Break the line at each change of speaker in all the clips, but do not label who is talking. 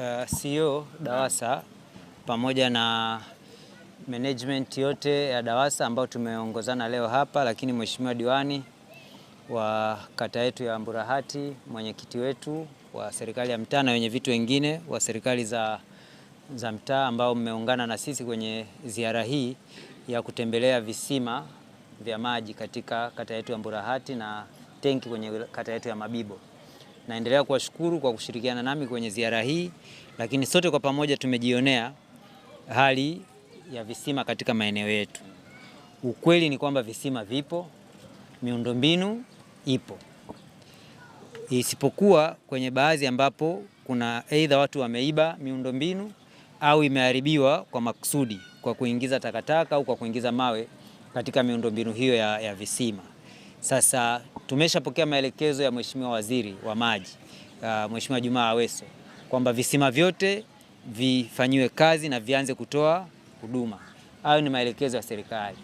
Uh, CEO Dawasa pamoja na management yote ya Dawasa ambao tumeongozana leo hapa, lakini mheshimiwa diwani wa kata yetu ya Mburahati, mwenyekiti wetu wa serikali ya mtaa na wenye vitu wengine wa serikali za, za mtaa ambao mmeungana na sisi kwenye ziara hii ya kutembelea visima vya maji katika kata yetu ya Mburahati na tenki kwenye kata yetu ya Mabibo. Naendelea kuwashukuru kwa kushirikiana nami kwenye ziara hii, lakini sote kwa pamoja tumejionea hali ya visima katika maeneo yetu. Ukweli ni kwamba visima vipo, miundombinu ipo, isipokuwa kwenye baadhi ambapo kuna aidha watu wameiba miundombinu au imeharibiwa kwa makusudi kwa kuingiza takataka au kwa kuingiza mawe katika miundombinu hiyo ya, ya visima. Sasa tumeshapokea maelekezo ya Mheshimiwa Waziri wa Maji uh, Mheshimiwa Jumaa Aweso kwamba visima vyote vifanyiwe kazi na vianze kutoa huduma. Hayo ni maelekezo ya serikali.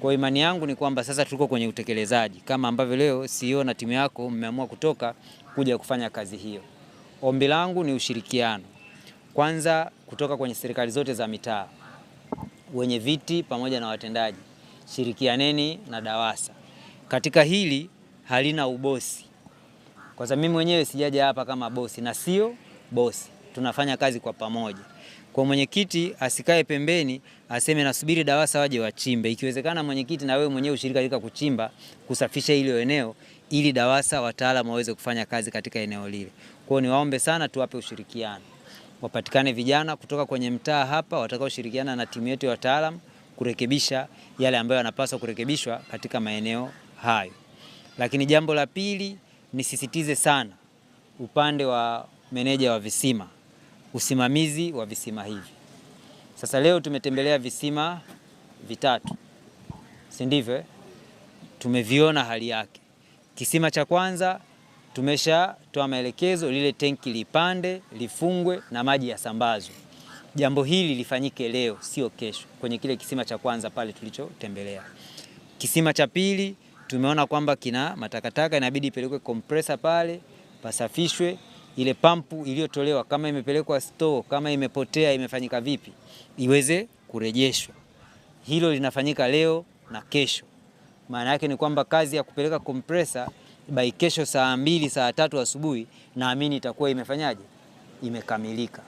Kwa imani yangu ni kwamba sasa tuko kwenye utekelezaji, kama ambavyo leo CEO na timu yako mmeamua kutoka kuja kufanya kazi hiyo. Ombi langu ni ushirikiano kwanza, kutoka kwenye serikali zote za mitaa, wenye viti pamoja na watendaji, shirikianeni na DAWASA katika hili halina ubosi. Kwa sababu mimi mwenyewe sijaja hapa kama bosi na sio bosi, tunafanya kazi kwa pamoja. Kwa mwenyekiti asikae pembeni aseme nasubiri DAWASA waje wachimbe. Ikiwezekana mwenyekiti, na wewe mwenyewe ushirika katika kuchimba, kusafisha hilo eneo ili DAWASA wataalamu waweze kufanya kazi katika eneo lile. Kwa hiyo niwaombe sana tuwape ushirikiano, wapatikane vijana kutoka kwenye mtaa hapa watakaoshirikiana na timu yetu ya wataalamu kurekebisha yale ambayo yanapaswa kurekebishwa katika maeneo hayo. Lakini jambo la pili, nisisitize sana upande wa meneja wa visima, usimamizi wa visima hivi. Sasa leo tumetembelea visima vitatu, si ndivyo? Eh? Tumeviona hali yake. Kisima cha kwanza tumeshatoa maelekezo, lile tenki lipande, lifungwe na maji yasambazwe. Jambo hili lifanyike leo, sio kesho, kwenye kile kisima cha kwanza pale tulichotembelea. Kisima cha pili tumeona kwamba kina matakataka, inabidi ipelekwe kompresa pale pasafishwe, ile pampu iliyotolewa, kama imepelekwa store, kama imepotea, imefanyika vipi, iweze kurejeshwa. Hilo linafanyika leo na kesho. Maana yake ni kwamba kazi ya kupeleka kompresa by kesho saa mbili saa tatu asubuhi naamini itakuwa imefanyaje, imekamilika.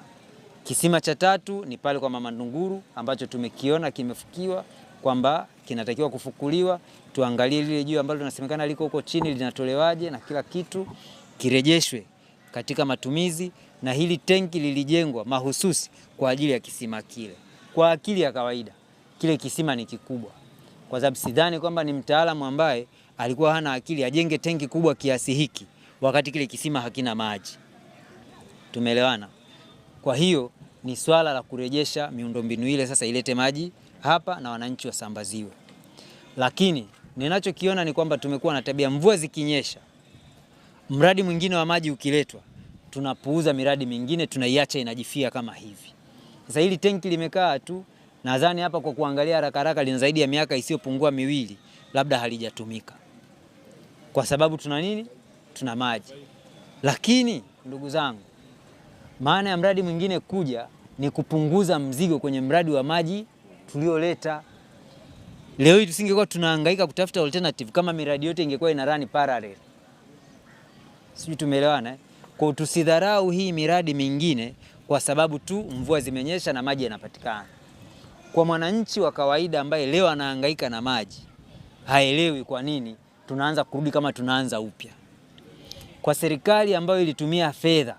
Kisima cha tatu ni pale kwa Mama Ndunguru ambacho tumekiona kimefukiwa kwamba kinatakiwa kufukuliwa tuangalie lile jiwe ambalo linasemekana liko huko chini linatolewaje, na kila kitu kirejeshwe katika matumizi, na hili tenki lilijengwa mahususi kwa ajili ya kisima kile. Kwa akili ya kawaida, kile kisima ni kikubwa, kwa sababu sidhani kwamba ni mtaalamu ambaye alikuwa hana akili ajenge tenki kubwa kiasi hiki wakati kile kisima hakina maji. Tumeelewana? Kwa hiyo ni swala la kurejesha miundombinu ile, sasa ilete maji hapa na wananchi wasambaziwe, lakini Ninachokiona ni kwamba tumekuwa na tabia, mvua zikinyesha, mradi mwingine wa maji ukiletwa, tunapuuza miradi mingine, tunaiacha inajifia kama hivi. Sasa hili tenki limekaa tu, nadhani hapa kwa kuangalia haraka haraka lina zaidi ya miaka isiyopungua miwili, labda halijatumika kwa sababu tuna nini? Tuna maji. Lakini ndugu zangu, maana ya mradi mwingine kuja ni kupunguza mzigo kwenye mradi wa maji tulioleta. Leo hii tusingekuwa tunahangaika kutafuta alternative kama miradi yote ingekuwa ina run parallel. Sijui tumeelewana eh? Kwa tusidharau hii miradi mingine kwa sababu tu mvua zimenyesha na maji yanapatikana. Kwa mwananchi wa kawaida ambaye leo anahangaika na maji, haelewi kwa nini tunaanza kurudi kama tunaanza upya. Kwa serikali ambayo ilitumia fedha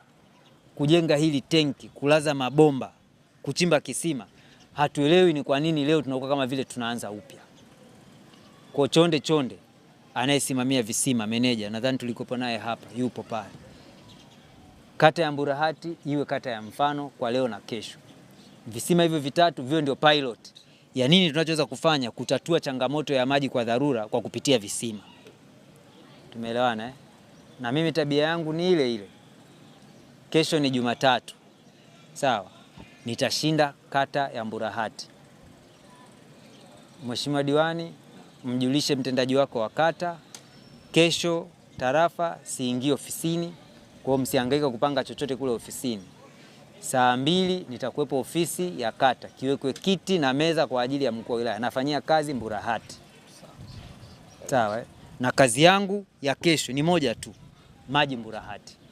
kujenga hili tenki, kulaza mabomba, kuchimba kisima, hatuelewi ni kwa nini leo tunakuwa kama vile tunaanza upya kwa Chonde Chonde anayesimamia visima, meneja nadhani tulikopo naye hapa, yupo pale. Kata ya Mburahati iwe kata ya mfano kwa leo na kesho. Visima hivyo vitatu vio ndio pilot ya nini tunachoweza kufanya kutatua changamoto ya maji kwa dharura kwa kupitia visima. Tumeelewana eh? Na mimi tabia yangu ni ile ile. Kesho ni Jumatatu, sawa? Nitashinda kata ya Mburahati. Mheshimiwa diwani mjulishe mtendaji wako wa kata kesho tarafa siingie ofisini. Kwa hiyo msihangaika kupanga chochote kule ofisini. Saa mbili nitakuwepo ofisi ya kata, kiwekwe kiti na meza kwa ajili ya mkuu wa wilaya. Nafanyia kazi Mburahati, sawa? Eh? Na kazi yangu ya kesho ni moja tu, maji Mburahati.